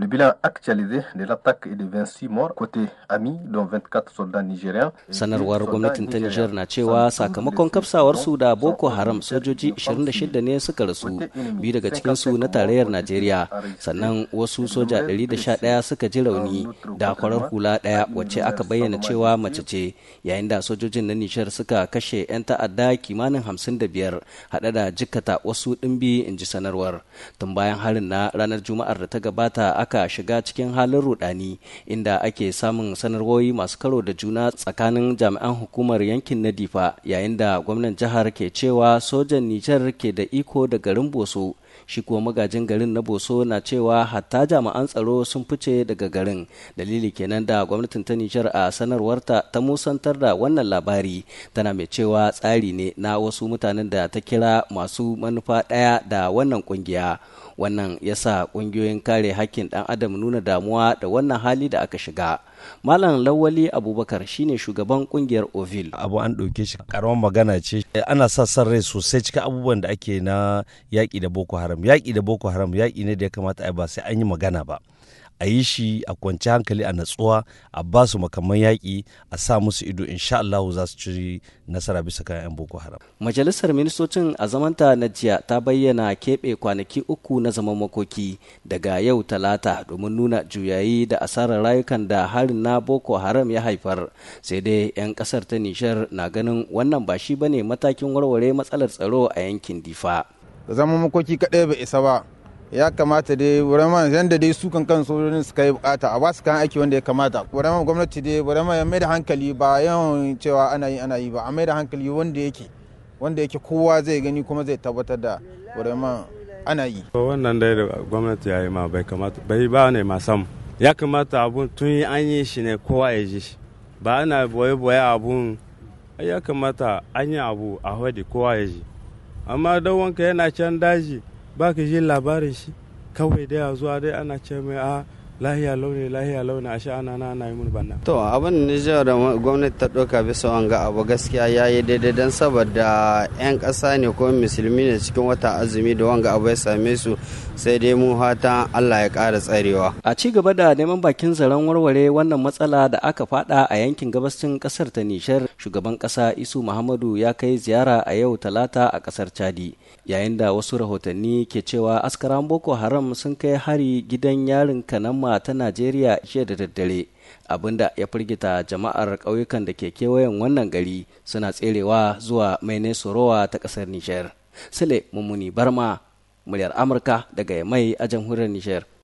Le bilan actualisé de l'attaque est de 26 morts côté Ami, dont 24 soldats nigériens. Sanarwar gwamnatin ta Nijar na cewa sakamakon kafsawar su da Boko Haram sojoji 26 ne suka rasu, biyu daga cikinsu na tarayyar Najeriya, sannan wasu soja 111 suka ji rauni da kwarar hula daya wacce aka bayyana cewa mace ce, yayin da sojojin na Nijar suka kashe 'yan ta'adda kimanin 55 hada da jikkata wasu dimbi in ji sanarwar. Tun bayan harin na ranar Juma'ar da ta gabata aka aka shiga cikin halin rudani inda ake samun sanarwoyi masu karo da juna tsakanin jami'an hukumar yankin na difa yayin da gwamnan jihar ke cewa sojan nijar ke da iko da garin boso shi kuwa magajin garin na boso na cewa hatta jami'an tsaro sun fice daga garin dalili kenan da gwamnatin ta nijar a sanarwarta ta musantar da wannan labari tana mai cewa tsari ne na wasu mutanen da ta kira masu manufa ɗaya da wannan kungiya wannan yasa ƙungiyoyin kare hakkin ɗan adam nuna damuwa da wannan hali da aka shiga Malam Lawali Abubakar shine shugaban kungiyar Ovil. Abu an ɗauke shi karamar magana ce. Eh, ana sa san rai sosai cikin abubuwan da ake na yaƙi da Boko Haram. Yaƙi da Boko Haram yaƙi ne da ya kamata a ba sai an yi magana ba. a yi shi a kwanci hankali a natsuwa a ba su makaman yaƙi a sa musu ido insha Allah za su ci nasara bisa kan 'yan Boko Haram. Majalisar ministocin a zamanta na jiya ta bayyana keɓe kwanaki uku na zaman makoki daga yau talata domin nuna juyayi da asarar rayukan da harin na Boko Haram ya haifar sai dai 'yan ƙasar ta Nishar na ganin wannan ba shi bane matakin warware matsalar tsaro a yankin Difa. Zaman makoki kaɗai ba isa ba ya kamata dai burama yadda dai su kan kan sojojin suka yi bukata a basu kan aiki wanda ya kamata burama gwamnati dai burama ya mai da hankali ba yawan cewa ana yi ana yi ba a mai da hankali wanda yake wanda yake kowa zai gani kuma zai tabbatar da burama ana yi wannan dai da gwamnati ya yi ma bai kamata bai ba ne ma sam ya kamata abun tun an yi shi ne kowa ya ji shi ba ana boye boye abun ya kamata an yi abu a hwadi kowa ya ji amma don wanka yana can daji ba ka ji labarin shi kawai da ya zuwa dai ana ce mai a ah, lahiya launi lahiya launi a sha'ana na na yi mun banna. to abin nijar da gwamnati ta ɗauka bisa wanga abu gaskiya ya yi daidai don saboda 'yan ƙasa ne ko musulmi ne cikin wata azumi da wanga abu ya same su sai dai mu hata allah ya ƙara tsarewa. a ci gaba da neman bakin zaren warware wannan matsala da aka fada a yankin gabashin kasar ta nishar shugaban kasa isu muhammadu ya kai ziyara a yau talata a kasar chadi yayin da wasu rahotanni ke cewa askaran boko haram sun kai hari gidan yarin kanama sama ta Najeriya jiya da daddare, abinda ya firgita jama'ar ƙauyukan da ke kewayen wannan gari suna tserewa zuwa mai Sorowa ta ƙasar Nijar. Sule Mummuni Barma, muryar Amurka daga mai a jamhuriyar Nijar.